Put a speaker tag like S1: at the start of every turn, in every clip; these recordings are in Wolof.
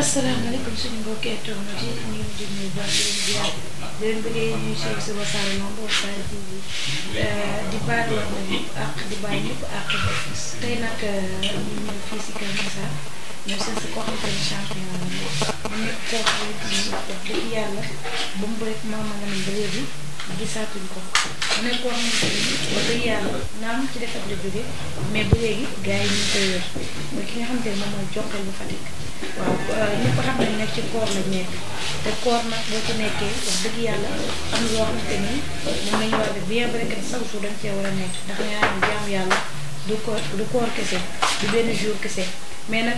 S1: asalaamaaleykum suñu mbokki internet yi ñu ngi di nuyu baax di leen ziar di bëggee ñuy suivre si Wassare Lamb Wassare TV euh, di baal la ñu àq di baal ñëpp àq tey nag euh, ñu ñëw fii si Kër Moussa seen si koo xamante ni champion la ñu nekk koo xamante ni wax dëgg yàlla ba mu bëreeg maama la bi gisaatuñ ko mu nekk koo xamante ni ci defar mais bu léegi gaa yi ñu ngi koy wér mooy ki nga xamante ne moom mooy jokkal bu euh, ci koor lañ nekk te koor nag boo ko nekkee wax dëgg yàlla am loo xamante ni moom lañu war a def bien vrai que chaque jour dañ cee war a nekk ndax ñaari jaamu yàlla du koor du koor kese du benn jour kese waa nag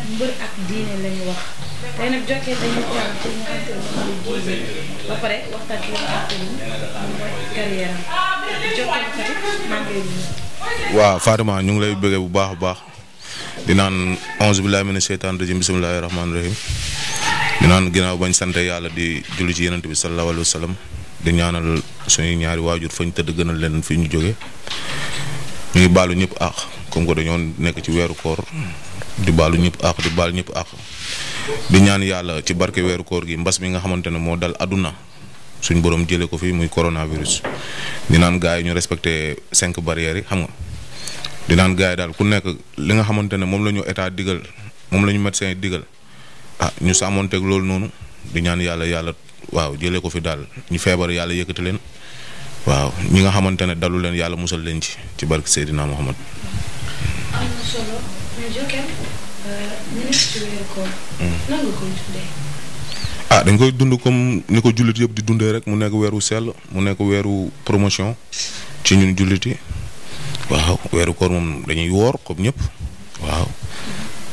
S2: ñu ngi lay bëggee bu baax baax di naan onze billahi mina seytaan rajim bismillahi rahmaani rahim di naan ginnaaw bañ sante yàlla di julli ci yenent bi sallallahu alayhi wa sallam di ñaanal suñuy ñaari waajur fañ tëdd gënal leen fi ñu jóge ñu ngi baalu ñëpp ak comme que dañoo nekk ci weeru koor di baalu ñëpp àq di baal ñëpp àq di ñaan yàlla ci barke weeru koor gi mbas mi nga xamante ne moo dal àdduna suñ borom jëlee ko fi muy coronavirus di naan gars yi ñu respecté cinq barrières yi xam nga di naan gars yi daal ku nekk li nga xamante ne moom la ñu état digal moom la ñu médecin yi digal ah ñu sàmmonteeg loolu noonu di ñaan yàlla yàlla waaw jëlee ko fi daal ñu feebar yàlla yëkkati leen waaw ñi nga xamante ne dalu leen yàlla musal leen ci ci barke Seydina Muhammad.
S1: am Eh,
S2: hmm. ah dañ koy dund comme ni ko jullit yëpp di dundee rek mu nekk weeru sell mu nekk weeru promotion ci ñun jullit yi waaw weeru koor moom dañuy woor comme ñëpp waaw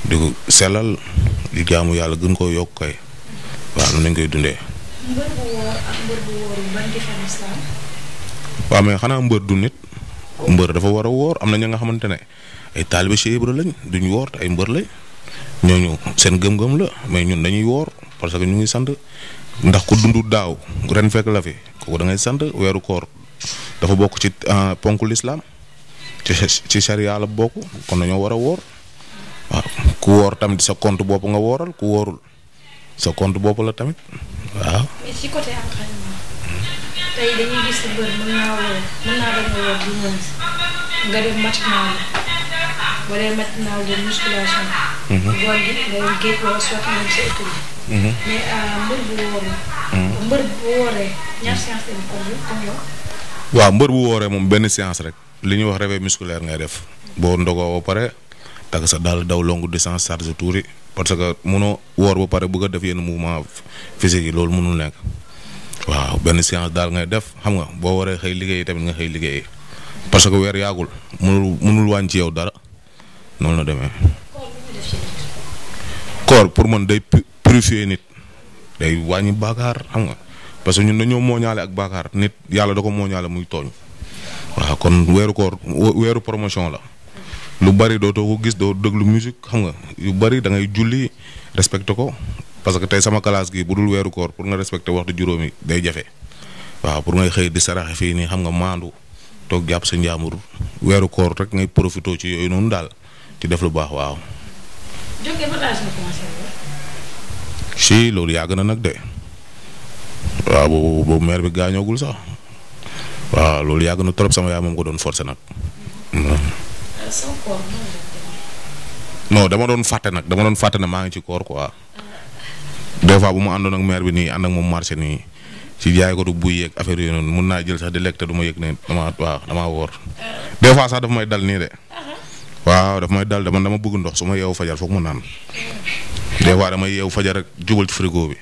S2: di ko sellal di jaamu yàlla gën koo yokk kay waaw noonu koy dundee. mbër bu ah, xanaa mbër du nit. mbër dafa wara a woor am na ña nga xamante ne. ay taalibe Cheikh Ibra lañ duñ woor ay mbër lañ ñooñu seen gëm-gëm la mais ñun dañuy woor parce que ñu ngi sant ndax ku dund daaw ren fekk la fi ko da ngay sant weeru koor dafa bokk ci ah, ponk lislaam ci ci charia la bokk kon dañoo war a woor waaw ku woor tamit sa compte bopp nga wooral ku woorul sa compte bopp la tamit waaw. boo dee mhm. mhm. euh,
S1: mbër bu wóoree. Mhm.
S2: waaw mbër bu wóoree moom benn séance rek li ñuy wax réveil musculaire ngay def boo ndogoo ba pare takk sa daal daw longue distance charge tuuri parce que mënoo woor ba pare bëgg def yenn mouvement physique yi loolu mënul nekk. waaw benn séance daal ngay def xam nga boo waree xëy liggéey tamit nga xëy liggéey parce que weer yaagul mënul mënul wàññi ci yow dara. noonu la demee. koor pour man day purifier nit day wàññi baakaar xam nga parce que ñun dañoo mooñaale ak baakaar nit yàlla da ko mooñaale muy tooñ. waaw kon weeru koor weeru promotion la lu bari dootoo ko gis doo déglu musique xam nga yu bari da ngay julli respecté ko parce que tey sama classe gi bu dul weeru koor pour nga respecté waxtu juróomi day jafe waaw pour ngay xëy di saraxe fii nii xam nga maandu toog jàpp sa njaamur weeru koor rek ngay profité ci yooyu noonu daal. di def lu baax waaw.
S1: Jokalante
S2: si loolu yàgg na nag de waaw boobu maire bi gaañoogul sax waaw loolu yàgg na trop sama yaay moom ko doon forcé nag. Mm-hmm. Mm. Euh, non dama doon fàtte nag dama doon fàtte ne maa ngi ci koor quoi. Ah. des fois bu mu àndoon ak maire bi nii ànd ak moom marché nii ci jaay ko du buy yeeg affaire yooyu noonu mun naa jël sax di lekk te du ma yëg ne damaa waaw damaa wóor euh. des fois sax daf may dal nii de. Ah. waaw daf may dal man dama bëgg ndox su ma yeewu fajar foog mu naan des fois yeewu fajar rek jubal ci frigo bi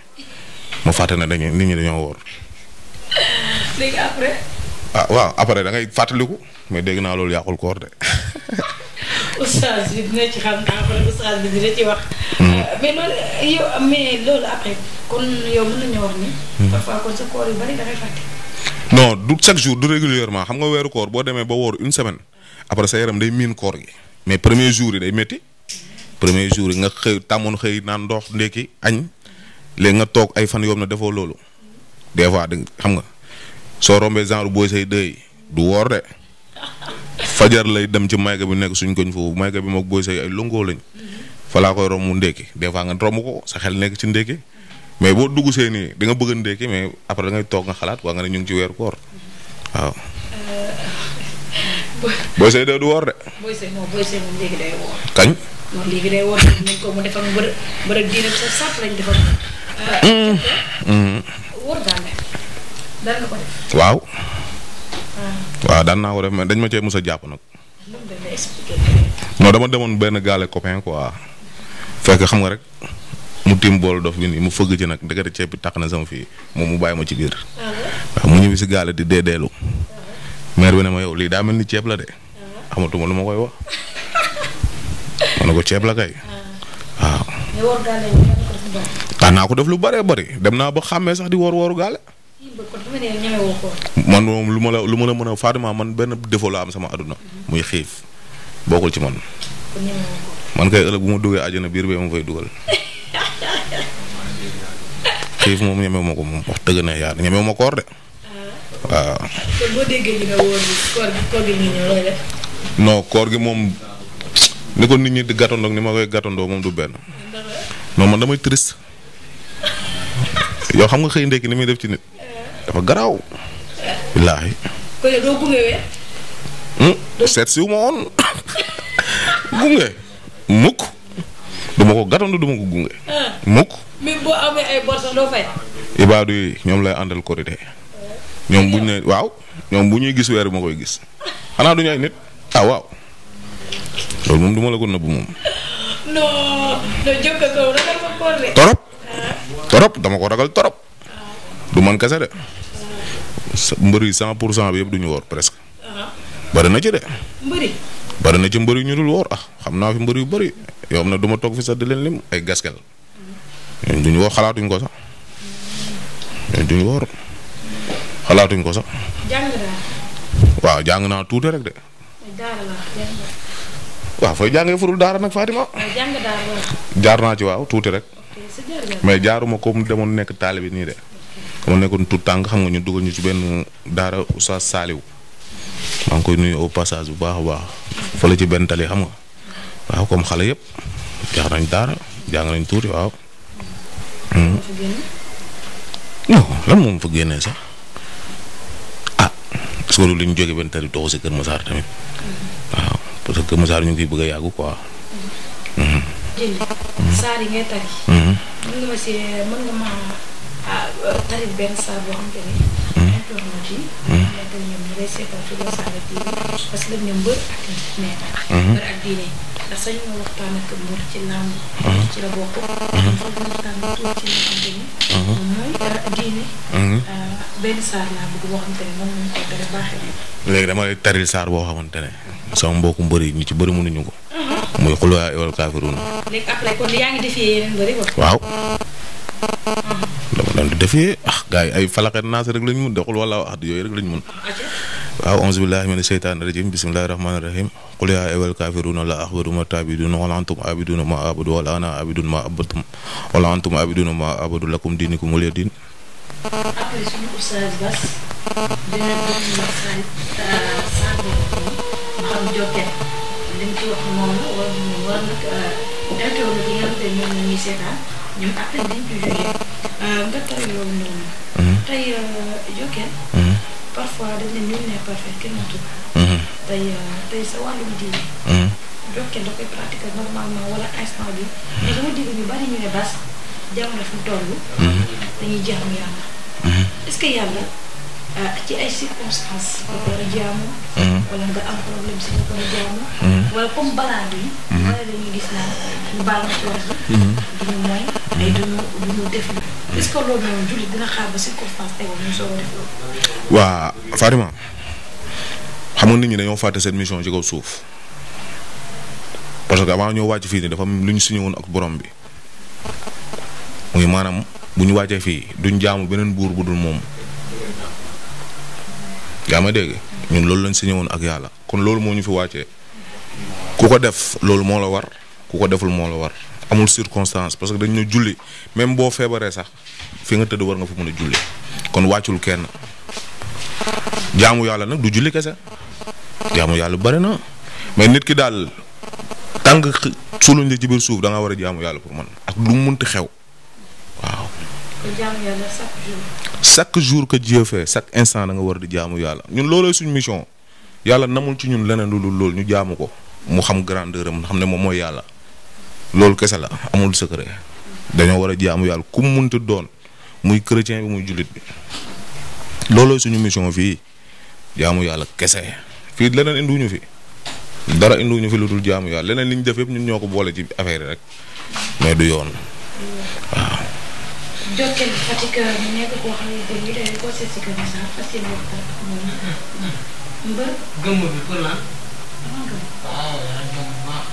S2: mu fàtte ne dañuy nit ñi dañoo wóor. léegi après. Ah, waaw après da ngay fàttaliku mais dégg naa loolu yàqul koor de.
S1: oustaz bi dina ci xam naa kon hmm. euh, mais loolu après hmm. kon sa koor yu bari da fàtte.
S2: non du chaque jour du régulièrement xam nga weeru koor boo demee ba wooru une semaine après sa yaram day miin koor gi. mais premier jour yi day métti premier jour yi nga xëy tàmmoon xëy naan ndox ndékki añ léegi nga toog ay fan yoom na defoo loolu des fois di xam nga soo rombee genre booy say dëy du woor de fajar lay dem ci mayga bi nekk suñ koñ foofu mayga bi moog booy say ay longoo lañ fa laa koy romb mu ndékki des fois nga romb ko sa xel nekk ci ndékki mais boo dugg see nii di nga bëgg a ndékki mais après da ngay toog nga xalaat waa nga ne ñu ngi ci weeru koor waaw. Boy Seye du woor de. kañ. waaw. Ah. waa daan naa ko def mais dañ ma cee mus a jàpp nag. non dama demoon benn gaale copain quoi fekk xam nga rek mu tiim bool dof bi nii mu fëgg ci nag ndekete ceeb bi tax na sama fii moom mu bàyyi ma ci biir. Ah waaw mu ñëw si gaale di deedeelu ah. maire bi ne ma yow lii daa mel ni ceeb la de. xamatuma ah. lu ma koy wax. ma ne ko ceeb la kay.
S1: Ah. waaw.
S2: daan naa ko def lu bëree bëri dem naa ba xàmmee sax di woor wooru gaale. man moom lu ma la lu ma la mën a Fatima man benn défaut la am sama aduna. Mm-hmm. muy xiif bokkul ci man. man kay ëllëg bu ma duggee àjjana biir bee ma fay dugal. xiif moom ñemewu ma ko moom wax dëgg na yaa ñemewu koor de. waaw. kon koor gi moom ni ko nit ñi di gàttandoo ni ma koy gàttandoo moom du benn. non man damay triste. yow xam nga xëy ndekki ni muy def ci nit. dafa garaaw. wallaahi.
S1: kon doo gunge wee.
S2: Hmm? seet si ma woon gunge. mukk duma ko gàttandu duma ko gunge. Ah. mukk. ibaadu yi ñoom lay àndal korité ñoom bu ñu waaw ñoom bu ñuy gis weer bi ma koy gis xanaa du ay nit ah waaw loolu moom du ma la ko nëbb moom. Ah. torop dama ko ragal torop du man kese de. mbër yi cent pour cent bi yëpp du woor presque. bari na ci de. bari na ci mbëri ñu dul woor ah xam naa fi mbëri yu bari yoo xam ne du ma toog fi sax di leen lim ay gaskel mm-hmm. ñooñu du ñu woor xalaatuñ ko sax mm-hmm. ñooñu woor. xalaatuñ ko sax. waaw jàng naa tuuti rek de. waaw fooy jàngee furul daara nag Fatima. jaar naa ci waaw tuuti rek. mais jaaruma comme demoon nekk taalibe nii de. dama nekkoon tout tànk xam nga ñu dugal ñu ci benn daara Oustaz Saliou. maa ngi koy nuyu au passage bu baax a baax. fële ci benn tali xam nga. waaw comme xale yëpp. jaar nañ daara jàng nañ tuuti waaw. Hmm. non lan moom fa génnee sax. que lu ñu jógee benn tari doxu si Kër Massar tamit waaw parce que Kër Massar ñu ngi fi bëgg a yàggu quoi.
S1: jënd benn saar
S2: léegi dama lay taril saar boo xamante ne. sama mbokku mbëri ñu ci bëri mënuñu ko. muy xul waa yow kaafiruun.
S1: léegi après kon yaa ngi defee yeneen bëri waaw. Ah.
S2: dama doon defee ah gars yi ay falaxet rek lañ mun de xul wala yooyu rek lañ mun. waaw auzu billaahi mina sheytaani rajiim bismillaahi rahmaani rahiim qul yaa ayyuhal kaafiruuna laa a'budu maa ta'buduuna wala antum aabiduuna maa ana aabidun maa abadtum wala antum aabiduuna maa a'budu lakum diinukum waliya diin
S1: après suñu oustaz Bass dina doon wax Saal Saal boobu Maxam Jokalante li mu ci wax noonu war na war na moom la tey loolu noonu. tey Jokalante. parfois dañ ne nul n'est parfait kenn matul. bi bari ñu ne Bass jamono fi mu dañuy jaamu yàlla. Mhm. est-ce que yàlla ah, ci ay circonstances. nga war a mhm. jaamu. Mhm. wala nga am problème si nga war a jaamu. ñu
S2: waa Fatima xam nit ñi dañoo fàtte seen mission ci kaw suuf parce que avant ñoo wàcc fii nii dafa am lu ñu signé woon ak borom bi. maanaam bu ñu wàccee fii duñ jaamu beneen buur bu dul moom. yaa ma dégg ñun loolu lañ signé woon ak yàlla kon loolu moo ñu fi wàccee ku ko def loolu moo la war ku ko deful moo la war amul circonstance parce que dañu ñu julli même boo feebaree sax fi nga tëdd war nga fa mën a julli kon wàccul kenn jaamu yàlla nag du julli kese jaamu yàlla bari na mais nit ki daal tànk suluñ la ci biir suuf da nga war a jaamu yàlla pour man ak lu mu munti xew.
S1: chaque jour.
S2: chaque jour que Dieu fait chaque instant da nga war di jaamu yàlla ñun loolooy suñu mission yàlla namul ci ñun leneen lu dul loolu ñu jaamu ko mu xam grandeur am xam ne moom mooy yàlla loolu kese la amul secret dañoo war a jaamu yàlla ku mu munti doon muy chrétien bi muy jullit bi loolooy suñu mission fii jaamu yàlla kese fii leneen indiwuñu fi dara indiwuñu fi lu dul jaamu yàlla leneen li ñu def yëpp ñun ñoo ko boole ci affaire rek mais du yoon
S1: Jokal Fatick nekk koo xam ne dañuy dañu ko seet si kër Moussa fas yéene waxtaan ak moom. mbër. gëmm bi pour lan. dama gëmm. waaw yaa ngi gëmm bu baax.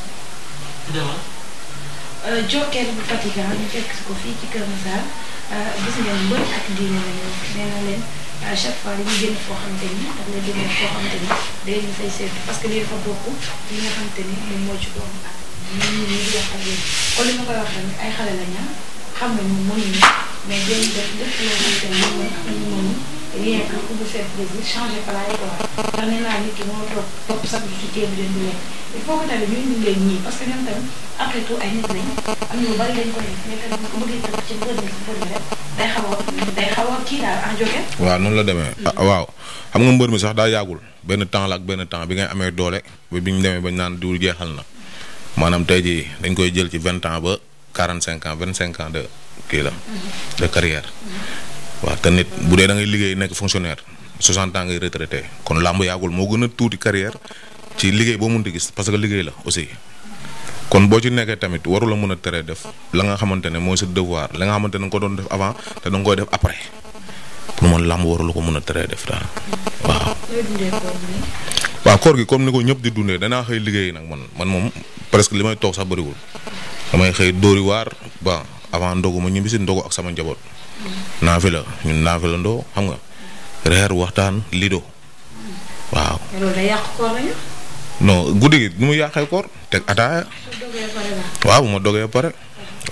S1: demal. Jokal bu Fatick ñu fekk ko fii ci kër Moussa gis ngeen mbër ak diine lañu nee na leen à chaque fois dañuy génn foo xamante ni ak nga génn foo xamante ni day ñu fay seetlu parce que lii dafa bokk li nga xamante ni moom moo ci doon ak ñun ñu ngi wax ak yéen kon li ma koy waxee ay xale lañu xam nga moom moo ñu. mais dañu def lépp loo xamante ni moom lañ moom rien que pour vous faire plaisir changer plat yi quoi ndax nee naa nit ki moo toog topp sax ci ceeb bi di lekk il faut que tamit ñun ñu leen ñii parce que ñoom tamit après tout ay nit lañ am na lu bari lañ ko def mais tamit bu ko bëggee tënk ci mbër mi mbër mi rek day xaw a day xaw a kii daal en ah, jóge.
S2: waaw noonu la demee. Ah, mm. waaw xam nga mbër mi sax daa yàggul benn temps la ak benn temps bi ngay amee doole ba bi ñu demee ba ñu naan diwul jeexal na maanaam tey jii dañ koy jël ci vingt ans ba quarante cinq ans vingt cinq ans de. kii la de carrière waaw te nit bu dee da ngay liggéey nekk fonctionnaire 60 ans ngay retraité kon làmb yaagul moo gën a tuuti carrière ci liggéey boo mënti gis parce que liggéey la aussi kon boo ci nekkee tamit waru mën a tere def la nga xamante ne mooy sa devoir la nga xamante ne nga ko doon def avant te da nga koy def après pour man làmb waru ko mën a tere def daal waaw. waaw koor gi comme ni ko ñëpp di dundee danaa xëy liggéey nag man man moom presque li may toog sax bëriwul avant ndogu ma ñibbisi ndogu ak sama njaboot. naa fi la xam nga reer waxtaan lido waaw.
S1: loolu day yàq koor nañu.
S2: non guddi gi nu mu yàqee koor teg ataaya. waaw ma dogee pare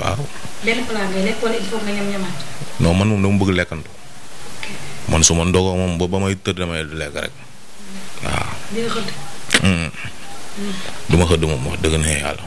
S2: waaw. benn man moom dama bëgg lekkantu. man su ma ndogoo moom ba may tëdd damay lekk rek. waaw. dina xëdd. Mm. Mm. du ma xëdd wax dëgg na yàlla.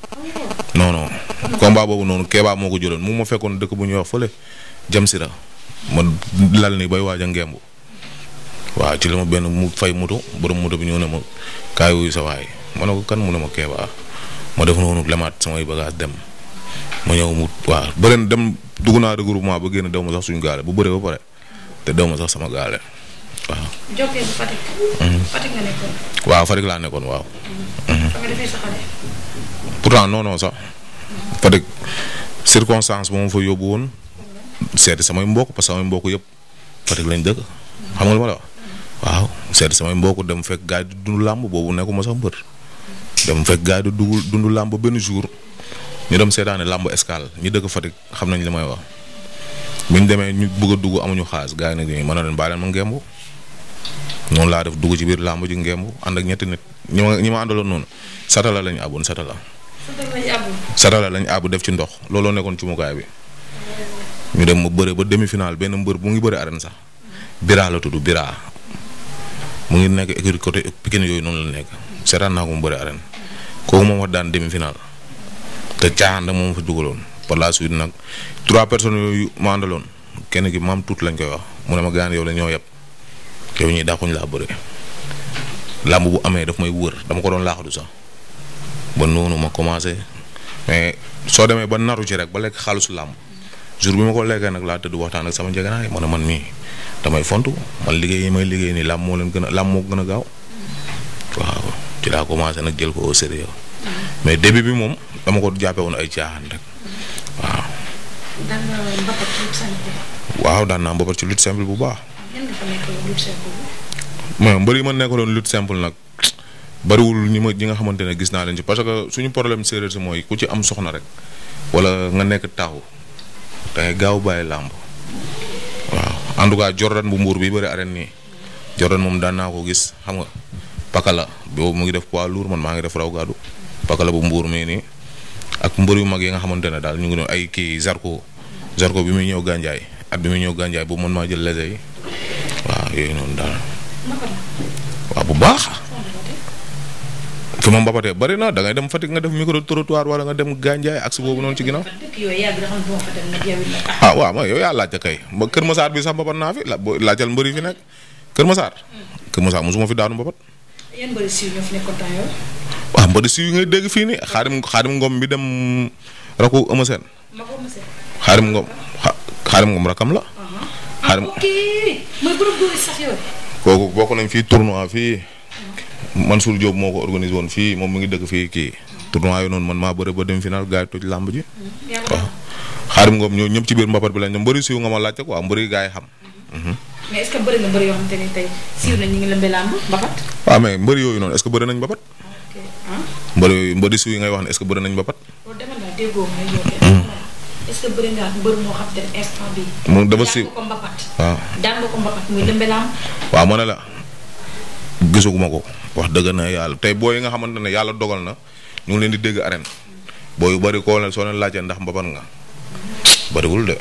S2: non non combat boobu noonu Kéba moo ko jëloon mu ma fekkoon dëkk bu ñuy wax fële jam si la ma lal ni bay waaj a ngemb waaw ci la ma benn mu fay moto borom moto bi ñëw ne ma kaay wuyu sa ma ne ko kan mu ne ma Kéba ma def noonu lemaat samay bagage dem ma ñëw mu waaw bëri dem dugg naa regroupement ba génn daw ma sax suñu gaale bu bari ba pare te daw ma sax sama gaale. waaw. Jokalante mhm. laa nekkoon waaw. Mhm. pourtant non non sax. Fatick circonstance moom fa yóbbu woon. seeti samay mbokk parce que samay mbokk yëpp Fatick lañ dëkk. xam nga lu ma la wax. waaw seeti samay mbokk dem fekk gaay di dund làmb boobu nekkuma sax mbër. dem fekk gaay di dugg dund làmb benn jour. ñu dem seetaane làmb escale ñi dëkk Fatick xam nañ li may wax. bi demee ñu bëgg a dugg amuñu xaas gars yi nag ñu mën a leen bàyyi leen ma ngemb moom laa def dugg ci biir làmb ji ngemb ànd ak ñetti nit ñi ma ñi ma noonu satala lañ àbboon satala. satala lañ abu def ci ndox looloo nekkoon ci mukaay bi. ñu dem ma bëre ba demi final benn mbër mu ngi bëri arène sax. Bira la tudd Bira. mu ngi nekk écurie côté Pikine yooyu noonu la nekk. seetaan naa ko mu bëre aren kooku moom wax daan demi final. te caaxaan moom fa dugaloon par la suite nag trois personnes yooyu ma àndaloon kenn ki maam tuut lañ koy wax mu ne ma gaan yow la ñoo yëpp te ñuy dàquñ laa bëre làmb bu amee daf may wër dama ko doon laaxatu sax ba noonu ma commencé mais soo demee ba naru ci rek ba lekk xaalisu làmb jour bi ma ko lekkee nag laa tëdd waxtaan ak sama njëganaay ma ne man mii damay fontu man liggéey yi may liggéey nii làmb moo leen gën a làmb a gaaw waaw ci laa commencé nag jël ko au sérieux mais début bi moom dama ko jàppee woon ay caaxaan rek waaw. daan naa mbapat ci lutte simple. simple bu baax. waaw mbër yi ma nekkaloon lutte simple nag bariwul ñi ma ñi nga xamante ne gis naa leen ci parce que suñu problème séeréer si mooy ku ci am soxna rek wala nga nekk taaw da ngay gaaw bàyyi làmb waaw en tout cas Jordan bu mbuur bi bari arène nii Jordan moom daan naa ko gis xam nga pakala boobu mu ngi def poids lourd man maa ngi def raw gàddu la bu mbuur mii nii ak mbër yu mag yi nga xamante ne daal ñu ngi doon ay kii Zarko Zarko bi muy ñëw gànjaay at bi muy ñëw gànjaay boobu man maa jël lese waaw yooyu noonu daal. waaw bu baax. fi ma mbabatee bëri na da ngay dem Fatick nga def micro trottoir wala nga dem Gandiaye ak si boobu noonu ci ginnaaw. ah waaw mooy yow yaa laajte kay ba Kër Masaar bi sax mbabat naa fi la boo laajal mbëri fi nekk Kër Masaar. Hmm. Kër Masaar mosuma fi daanu mbabat. yan mbëri siiw ngay dégg fii nii xaarim xaarim ngom bi dem rakku Eumeu Sène. xaarim ngom xaarim ngom rakam la. xaaral ok
S1: mooy borom góor sax yooyu.
S2: kooku bokk nañ fii tournoi fii. Mansour Diop moo ko organisé woon fii moom mu ngi dëkk fii kii. tournoi yooyu noonu man maa bëre ba dem final gars yi toj làmb ji. waaw xaarim ngoom ñoo ñëpp ci biir mbapat bi lañ ñoom mbëri siiw nga ma laajte quoi mbëri gars yi xam. Mhm.
S1: mais est ce que bëri na mbëri yoo xamante ne tey siiw nañ ñu ngi lëmbee làmb mbapat.
S2: waaw mais mbëri yooyu noonu est ce que bëri nañ mbapat. ok ah. mbëri yooyu mbëri siiw yi ngay wax ne est ce que bëri nañ mbapat. loolu dama la
S1: déggoo est-ce que
S2: moom dama siiw waaw
S1: daan nga
S2: ma ne la gisaguma ko wax dëgg na yàlla tey boo yi nga xamante ne yàlla dogal na ñu ngi leen di dégg arène boo yu bari koo leen soo leen laajee ndax mbapat nga bëriwul de.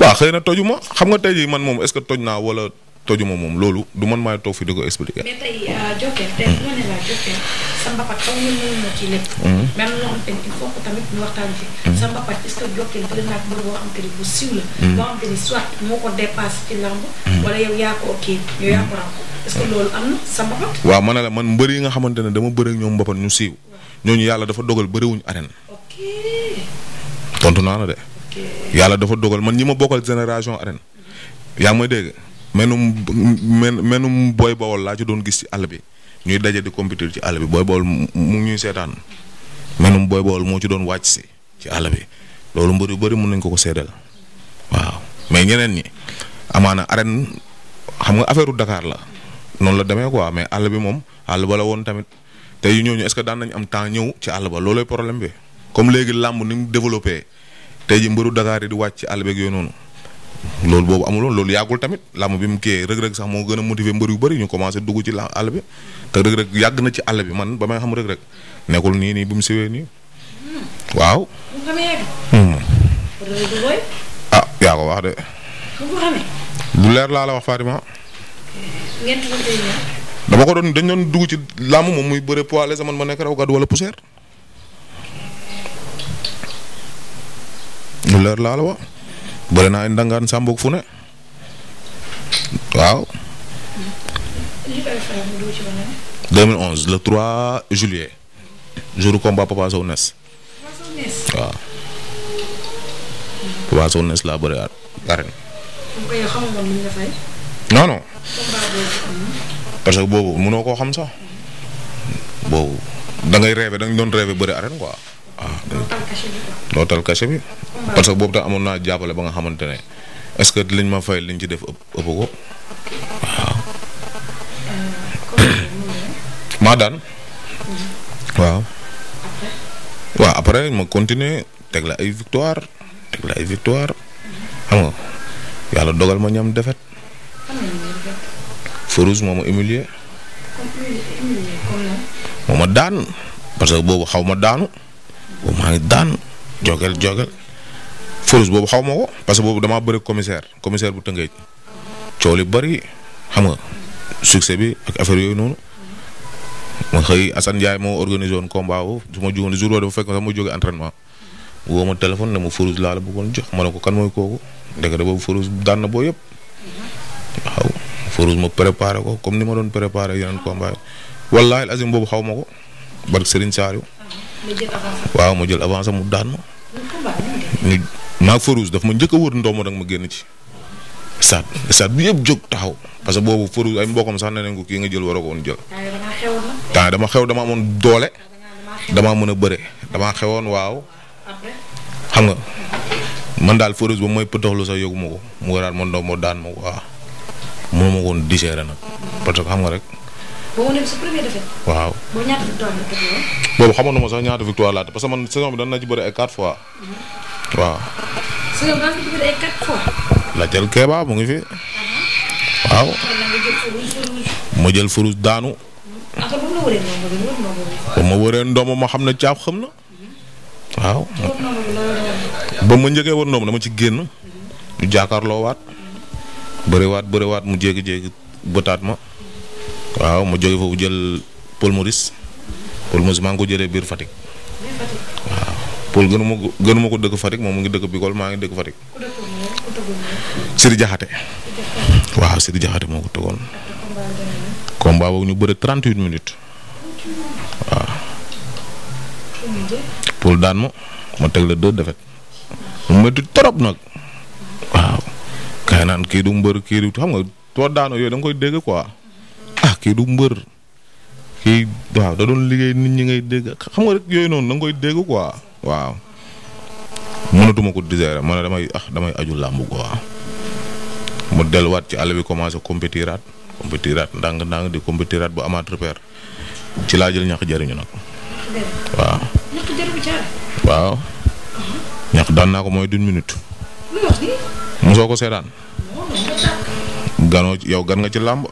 S2: waaw xëy na toju ma xam nga tey jii man moom est toj naa wala. tojuma moom loolu du man maay toog fi di ko expliquer. mais tey
S1: euh, Jokalante tey hmm. bu ma nee sa mbapat hmm. hmm. sa mbapat est que la. loolu am na sa mbapat.
S2: waaw man man mbër yi nga xamante ne dama bëri ak ñoom mbapat ñu siiw. ñooñu yàlla dafa dogal bëriwuñu arène. ok tontu naa de. yàlla dafa dogal man ñi ma bokkal génération arène yaa ngi dégg menum men menum booy bawol laa ci doon gis ci àll bi ñuy daja di compétir ci àll bi booy bawol mu ñuy seetaan menum booy bawol moo ci doon wàcc si ci àll bi loolu mbër yu bari mun nañ ko ko seedal waaw mais ñeneen ñi amaana arène xam nga affaire u Dakar la noonu la demee quoi mais àll bi moom àll ba la woon tamit tey yu ñooñu est-ce daan nañ am temps ñëw ci àll ba loolooy problème bi comme léegi làmb ni mu développé tey ji mbëru Dakar yi di wàcc ci àll beeg yooyu noonu. loolu boobu amuloon loolu yàggul tamit làmb bi mu kii rëg-rëg sax moo gën a motiver mbër yu bëri ñu commencé dugg ci la àll bi te rëg-rëg yàgg na ci àll bi man ba may xam rëg-rëg nekkul nii nii bu mu siwee nii waaw. Hmm. Ah, wax de. leer laa la wax dama ko doon dañ doon dugg ci làmb moom muy bëre poids man ma nekk raw wala poussière. lu leer laa la bëri naa ay ndangaan sàmboog fu ne waaw.
S1: 2011
S2: le juillet jour combat Papa Sow Nes. waaw. Papa Sow Nes laa bëri arène. non non. parce que boobu mënoo koo xam sax. boobu da ngay rêvé da nga doon rêvé bëri arène quoi. nootal cachet bi parce que boobu tam amoon naa jàppale ba nga xamante ne est-ce que liñ ma fay liñ ci def ëpp ëpp ko waaw. maa daan. waaw. waaw après ma continuer teg la ay victoire teg la ay victoire xam nga yàlla dogal ma ñam defet Farouz moo ma humilier moo ma daan parce que boobu xaw ma daanu. boobu maa ngi daan jogel jogel forus boobu xaw ma ko parce que boobu damaa bëri commissaire commissaire bu tëngëj coow li bëri xam nga succès bi ak affaire yooyu noonu ma xëy Assane Ndiaye moo organisé woon combat su ma jugoon jour dafa fekk sax ma jóge entraînement ma téléphone ne ma forus laa bëggoon jox ne ko kan mooy kooku ndekete boobu forus daan na boo yëpp waaw forus ma préparé ko comme ni ma doon préparé yeneen combat yi wallaahi azim boobu xaw ma ko barke Serigne Saliou waaw ma jël avance mu daan ma. ñu maag Farouz daf ma njëkk a ndox ndoomo nag ma génn ci. saat saat bi yëpp jóg taxaw parce que boobu Farouz ay mbokkam sax ne nañ kii nga jël waroo woon jël. temps dama xew dama amoon doole. dama mën a bëre damaa xewoon waaw. xam nga man daal Farouz ba mooy pëtoxlu sax yóbbu ma ko mu waraat ma moo daan ma ko waaw mënuma ko woon digérer nag parce que xam nga rek. boo ñëwee sa waaw boobu ñaata victoire la na ma sax ñaata victoire laata parce que man saison bi dana na ci bëri ay quatre fois. Mm-hmm. waaw. la jël Kéba mu ngi fi. Uh-huh. waaw. ma jël furus daanu.
S1: Mm-hmm.
S2: ba ma wëree ndoom ma xam ne caaf xam na. Mm-hmm. waaw. ba ma njëkkee wër ndoom dama ci génn. ñu jàkkaarloo waat. bëriwaat bëriwaat mu jéegi jéegi bëtaat ma. waaw ma jóge foofu jël Paul Maurice Paul Maurice maa ngi ko jëlee biir Fatick. waaw Paul gënu ma ko gënu ma ko dëkk Fatick moom mu ngi dëkk Bikol maa ngi dëkk Fatick. Sidi Jaxate waaw Sidi Jaxate moo ko tëggoon. combat boobu ñu bëre 38 minutes. waaw. Paul daan ma ma teg la deux défaites. mu métti trop nag. waaw. kay naan kii du mbër kii du xam nga too daanoo yooyu da koy dégg quoi. kii du mbër kii waaw da doon liggéey nit ñi ngay dégg xam nga rek yooyu noonu da koy dégg quoi waaw mënatuma ko digérer ma damay ah aju làmb quoi mu delluwaat ci àll bi commencé compétiraat compétiraat ndàng-ndàng di compétiraat bu amaat repère ci laa jël ñax jëriñu nag. waaw. waaw. ñax daan naa ko mooy d'une minute. mosoo ko seetaan. ganoo yow gan nga ci làmb